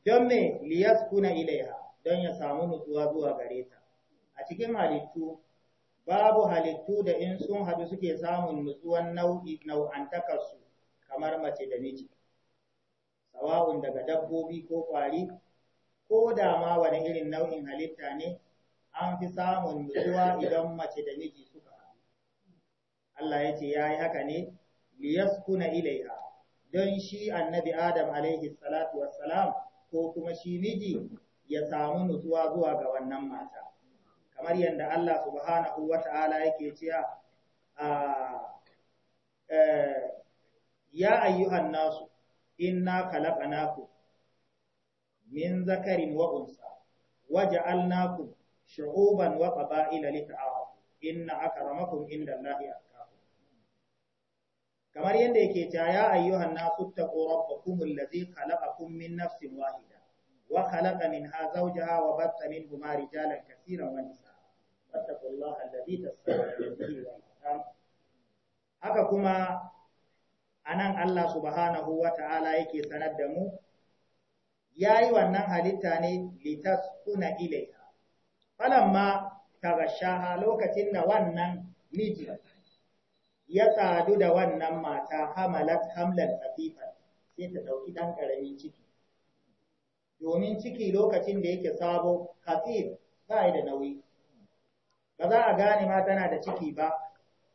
don me liyaskuna ilaiha don ya samu nutsuwa zuwa gare ta a cikin halittu babu halittu da in sun haɗu suke samun nutsuwan nau'i nau'antakarsu kamar mace da miji sawa'un daga dabbobi ko kwari ko da ma wani irin nau'in halitta ne an fi samun nutsuwa idan mace da miji suka haɗu Allah ya ce ya yi haka ne liyaskuna ilaiha don shi annabi Adam alaihi salatu wassalam ko kuma shi miji ya samu nutsuwa zuwa ga wannan mata. Kamar yadda Allah subhanahu wa ta'ala yake cewa ah, eh, ya ayyuhan nasu inna khalaqnakum min zakarin wa unsa waja'alnakum shu'uban wa qaba'ila lita'arafu inna akramakum indallahi kamar yadda yake ta ya ayyuhan nasu taqu rabbakumul ladzi khalaqakum min nafsin wahida wa khalaqa minha zawjaha wa batta minhuma rijalan katsiran wa nisaa wattaqullaha alladzi tasaaluna haka kuma anan Allah subhanahu wa ta'ala yake sanar da mu yayi wannan halitta ne litaskuna ma falamma tagashaha lokacin da wannan miji ya sadu da wannan mata hamalat hamlan khafifan sai ta ɗauki ɗan karamin ciki domin ciki lokacin da yake sabo hafif ba da nauyi ba za a gane ma tana da ciki ba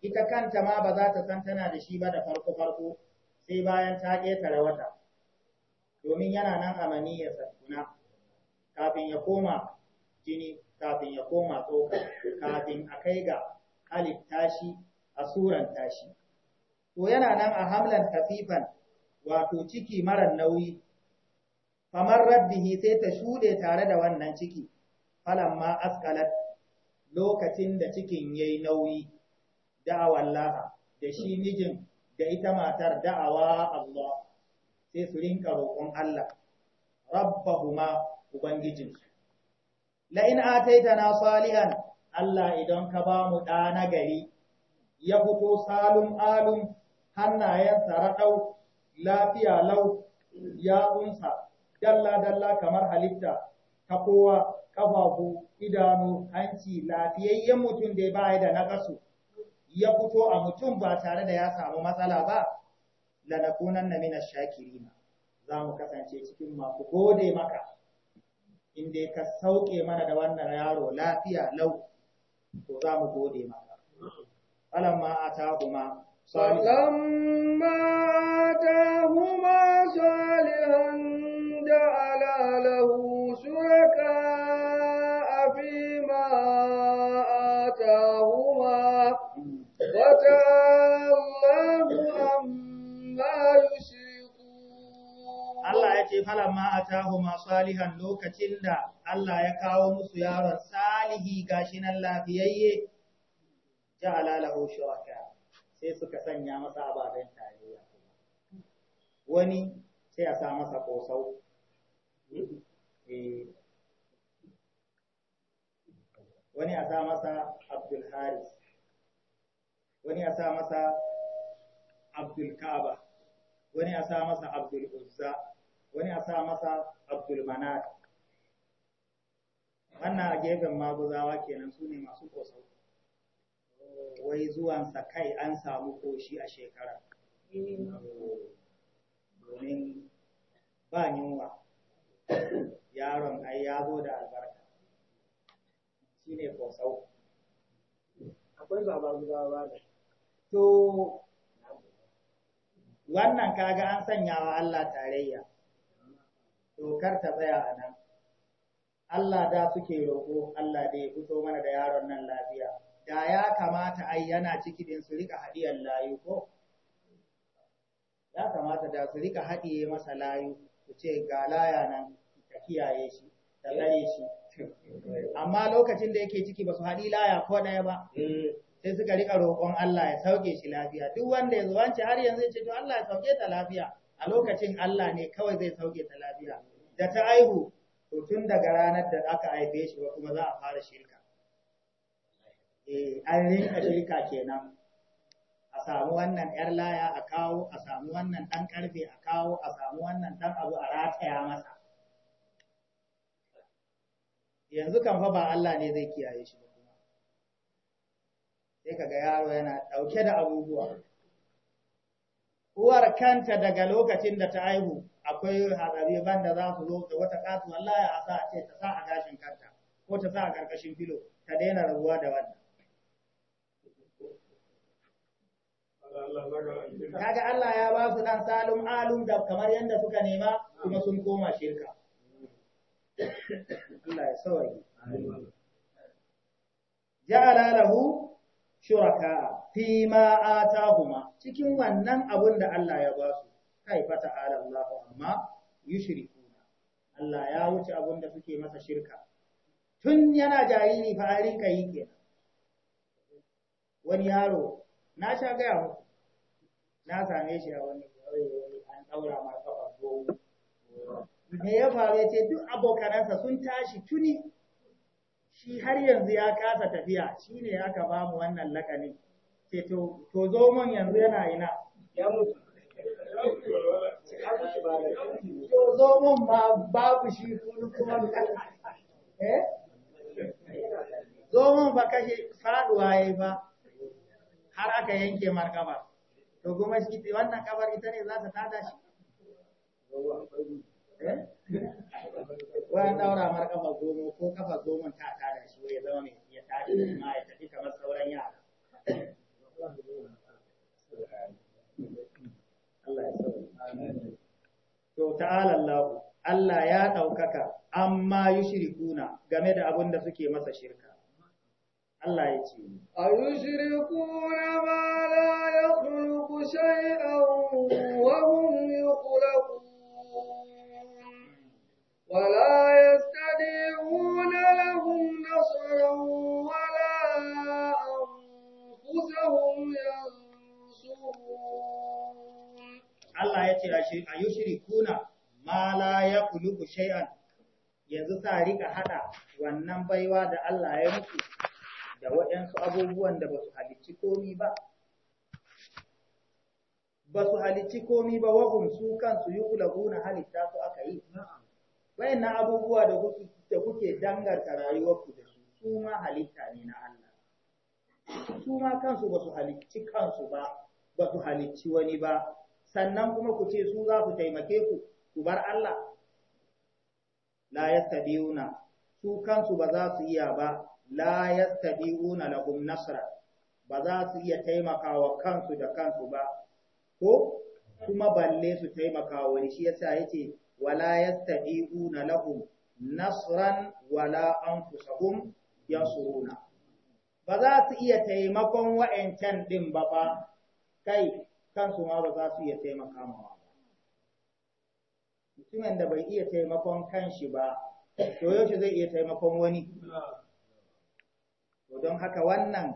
ita kanta ma ba za ta san tana da shi ba da farko farko sai bayan ta ƙetare wata domin yana nan amani ya sattuna. kafin ya koma jini kafin ya koma tsoka kafin a kai ga halittashi shi a suranta tashi. To yana nan a hamlan kafifan wato ciki marar nauyi, famar rabbihi sai ta shuɗe tare da wannan ciki, ma askalat lokacin da cikin ya yi nauyi, da'awar laha, da shi mijin da ita matar da'awa Allah, sai su rinka roƙon Allah, rabbahuma Ubangijinsu. La'in ataitana salihan Allah idan ka ba mu ɗa na gari, ya fito salum alum hannayensa raɗau lafiya lau ya unsa dalla-dalla kamar halitta ta kowa ƙafafu idanu hanci lafiyayyen mutum da ba da nakasu ya fito a mutum ba tare da ya samu matsala ba La na minar shakirina za mu kasance cikin maku. gode maka inda ka sauke mana da wannan yaro lafiya lau to za mu gode maka falamma atahuma falamma atahuma salihan ja'ala lahu shuraka fi ma atahuma wa Allah ya ce falamma atahuma salihan lokacin da Allah ya kawo musu yaron salihi gashi nan lafiyayye ja'ala lahu shuraka sai suka sanya masa ababen tarayya wani sai a sa masa kosau eh. wani a sa masa Abdul Haris wani a sa masa Abdul Kaaba wani a sa masa Abdul Uzza wani a sa masa Abdul Manat wannan a gefen maguzawa kenan su ne masu kosau wai zuwansa kai an samu koshi a shekara mm. domin ba yunwa yaron ai ya zo da albarka shi ne kosau akwai ba guda ba da to wannan kaga an sanya wa Allah tarayya dokar ta tsaya a nan Allah da suke roƙo Allah da ya fito mana da yaron nan lafiya da ya kamata ai yana ciki din su rika hadiyar layu ko ya kamata da su rika hadiye masa layu su ce ga laya nan ka kiyaye shi ka laye shi amma lokacin da yake ciki ba su hadi laya ko ɗaya ba eh. sai suka rika roƙon Allah ya sauke shi lafiya duk wanda ya zuwanci har yanzu ce to Allah ya sauke ta lafiya a lokacin Allah ne kawai zai sauke ta lafiya da ta aihu to tun daga ranar da aka haife shi ba kuma za a fara shirka an rinka shirka kenan a samu wannan ‘yar laya a kawo, a samu wannan ɗan ƙarfe a kawo, a samu wannan ɗan abu a rataya masa. Yanzu kan fa ba Allah ne zai kiyaye shi ba kuma. Sai ga yaro yana ɗauke da abubuwa. Uwar kanta daga lokacin da ta haihu akwai hatsari banda za su zo da wata kasuwar laya a sa a ce ta sa a gashin kanta ko ta sa a ƙarƙashin filo ta daina rabuwa da wannan. kaga Allah ya ba su dan salum alum da kamar yadda suka nema kuma sun koma shirka Allah ya saurari ja'ala lahu shuraka fi ma atahuma cikin wannan abun da Allah ya ba su kai fata ala Allah amma yushrikuna Allah ya wuce abun da suke masa shirka tun yana jariri fa a yi kenan wani yaro na sha gaya muku na same shi a wani ƙauye an ɗaura ma kafa goma me ya faru ya ce duk abokanansa sun tashi tuni shi har yanzu ya kasa tafiya shi ne aka ba mu wannan lakani, ce to zo mun yanzu yana ina ya mutu to zo mun ma babu shi kuma eh zo mun ba kashe faduwa yayi ba har aka yanke markaba to kuma shi wannan kabar ita ne za ta tada shi eh? wani daura markaba goma ko kafa goma ta tada shi ya zama mai ya tada shi ma ya tafi kamar sauran yara to ta'ala Allah Allah ya ɗaukaka amma yi shirikuna game da abin da suke masa shirka Allah ya ce a yushrikuna ma la yakhluqu shay'an wa hum yukhlaqun wa la yastadi'una lahum na wa la anfusahum yanzu. Allah ya ce a yushrikuna ma la yakhluqu shay'an yanzu sa rika hada wannan baiwa da Allah ya mutu. da waɗansu abubuwan da ba su halicci komi ba. Ba su halicci komi ba su kansu yi na halitta su aka yi. na abubuwa da kuke danganta rayuwarku da su, su ma halitta ne na Allah. Su ma kansu ba su halicci kansu ba, ba halicci wani ba, sannan kuma ku ce su za ku taimake ku, ku bar Allah. La na. su kansu ba za su iya ba la yastadiuna lahum nasra ba za su iya taimakawa kansu da kansu ba ko kuma balle su taimakawa wani shi yasa yake wala yastadiuna lahum nasran wala anfusahum yansuruna ba za su iya taimakon wa'ancan din ba ba kai kansu ma ba za su iya taimaka ma. ba mutumin da bai iya taimakon kanshi ba to yaushe zai iya taimakon wani To don haka wannan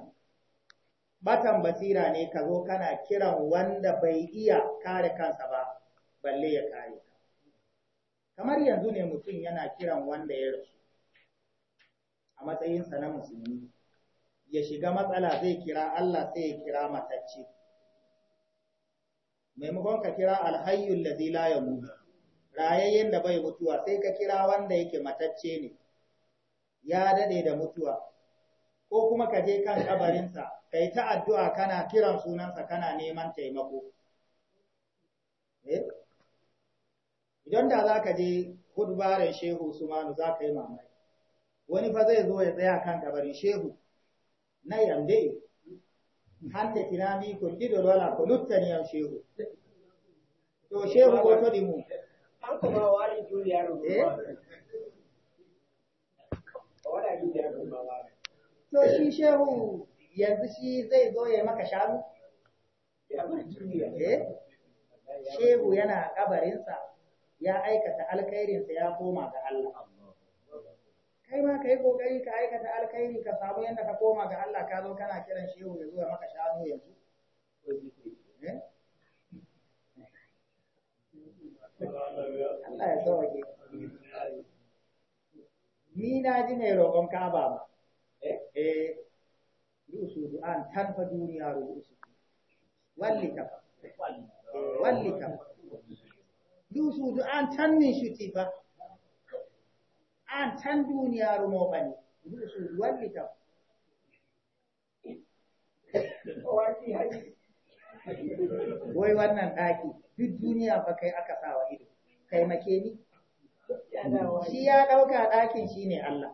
matan basira ne ka zo kana kiran wanda bai iya kare kansa ba, balle ya kare ka. Kamar yanzu ne mutum yana kiran wanda ya rasu a matsayinsa na musulmi, ya shiga matsala zai kira Allah sai ya kira matacce. Maimakon ka kira alhayyul ladzi la yamut rayayyen da bai mutuwa sai ka kira wanda yake matacce ne ya dade da mutuwa ko kuma ka je kan kabarinsa ka yi ta addu'a kana kiran sunansa kana neman taimako eh? idan da za ka je hudbaran shehu Manu za ka yi mamaye. wani fa zai zo ya tsaya kan kabarin shehu na yambe hanta kirami kulli da rola lutta niyan shehu to shehu ko to dimu an kuma warin juriya ruwa To shi shehu yanzu shi zai zo ya maka shanu? Eh? Shehu yana kabarinsa ya aikata alkhairinsa ya koma ga Allah. Kai ma ka yi ƙoƙari ka aikata alkhairi ka samu yadda ka koma ga Allah ka zo kana kiran shehu ya zo ya maka shanu yanzu. Eh? Allah ya sauke. Ni na ji mai roƙon kaba ba. eh rusudu an tan tanfa duniya rusudu wallita wallita rusudu an tan tannin shuti fa an tan duniya rumo bane rusudu wallita wai wannan ɗaki duk duniya fa kai aka sa wa ido taimake ni shi ya ɗauka ɗakin shi ne Allah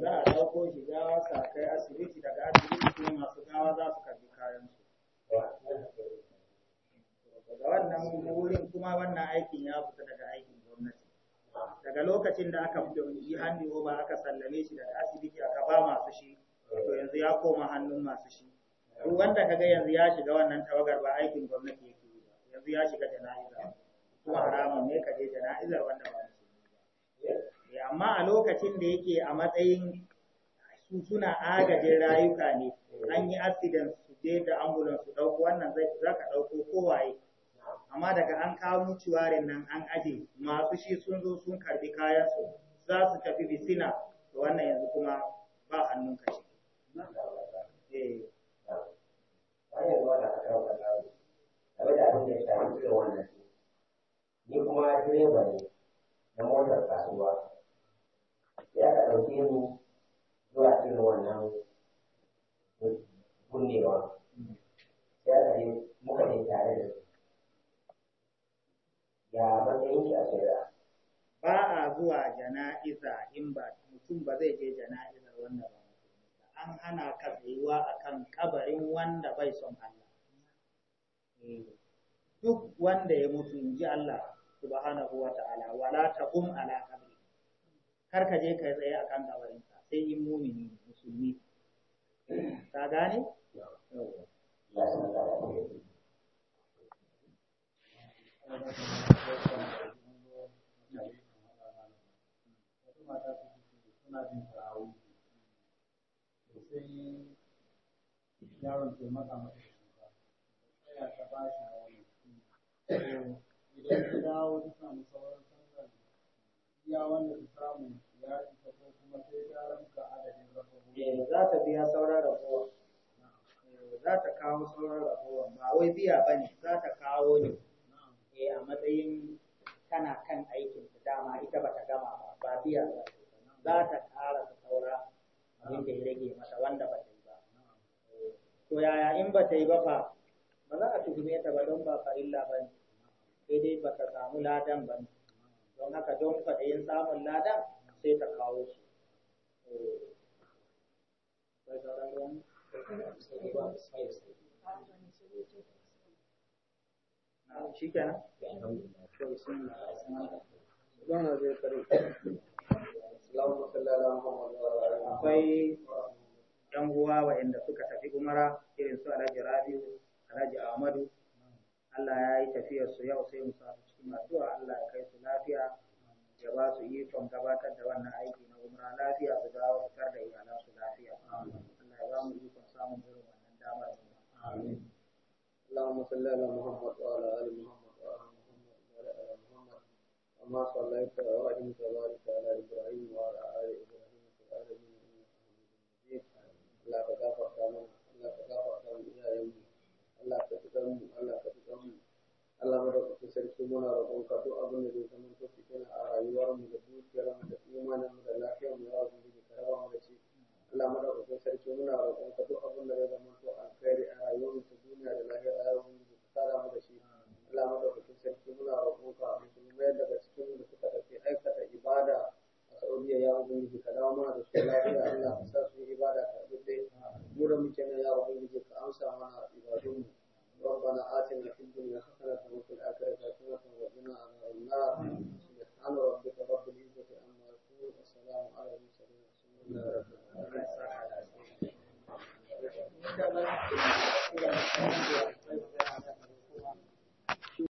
za a ɗauko shi gawa sa kai asibiti daga asibiti kuma masu gawa za su karbi kayan su daga wannan wurin kuma wannan aikin ya fita daga aikin gwamnati daga lokacin da aka yi hannu over aka sallame shi daga asibiti aka ba masu shi to yanzu ya koma hannun masu shi duk wanda ga yanzu ya shiga wannan tawagar ba aikin gwamnati yake yi yanzu ya shiga jana'iza kuma haramun ne ka je jana'izar wanda ba amma a lokacin da yake a matsayin su suna agajin rayuka ne an yi accident su je da ambulance su ɗauko wannan za ka ɗauko kowaye amma daga an kawo mutuwarin nan an aje masu shi sun zo sun karbi kayan su za su tafi bisina to wannan yanzu kuma ba hannun kashi eh. ni kuma direba ne na motar kasuwa Ya aka ɗauke mu zuwa irin wannan kunnewa Ya aka je muka je tare da su ya matsayin shi a shari'a ba a zuwa jana'iza in ba mutum ba zai je jana'izar wanda ba an hana ka tsayuwa akan kabarin wanda bai son Allah eh. duk wanda ya mutu in ji Allah subhanahu wa ta'ala wala taqum ala qabri kar ka je ka tsaye akan kabarinsa sai in mumini musulmi ka gane yaron ke maka mata shuka ya ta ba shi idan ka dawo duka sauran iya wanda ta samu ya isa ko kuma sai ta ranka adadin rahowa. Eh, za ta biya sauran rahowa. Eh, za ta kawo sauran rahowa ba wai biya ba ne za ta kawo ne. Eh, a matsayin tana kan aikin ta dama ita ba ta gama ba ba biya ba za ta ƙara saura abin da ya rage mata wanda ba ta yi ba. To yaya in ba ta yi ba fa ba za a tuhume ta ba don ba farilla ba ne sai dai ba ta samu ladan ba ne. don haka don kwaɗayin samun lada sai ka kawo su eh, ah, shi kenan? akwai yan uwa waɗanda suka tafi umara irin su alhaji rabiu alhaji ahmadu allah ya yi tafiyarsu yau sai musamman masu Allah kai su lafiya ya ba su gabatar da wannan aiki na umra lafiya su dawo su da iyalan su lafiya Allah ya ba mu ikon samun irin wannan damar ala ka gafarta mana Allah ka gafarta ka tsare mu Allah ka Allah madaukakin sarki muna roƙon ka duk abin da zai zama to fitina a rayuwar mu da dukiyar mu da imanin mu da lafiyar mu ya ubangiji ka raba mu da shi Allah madaukakin sarki muna roƙon ka duk abin da zai zama to alkhairi a rayuwar mu ta duniya da lahira ya ubangiji ka tsara mu da shi Allah madaukakin sarki muna roƙon ka mai daga cikin mu da suka tafi aikata ibada a Saudiya ya ubangiji ka dawo mana da su lafiya Allah ka sa su ibada ka duk dai mu da muke na ya ubangiji ka amsa mana ibadun mu ربنا آتنا في الدنيا حسنة وفي الآخرة حسنة وقنا عذاب النار سبحان ربك رب العزة عما يصفون والسلام على المرسلين والحمد لله رب العالمين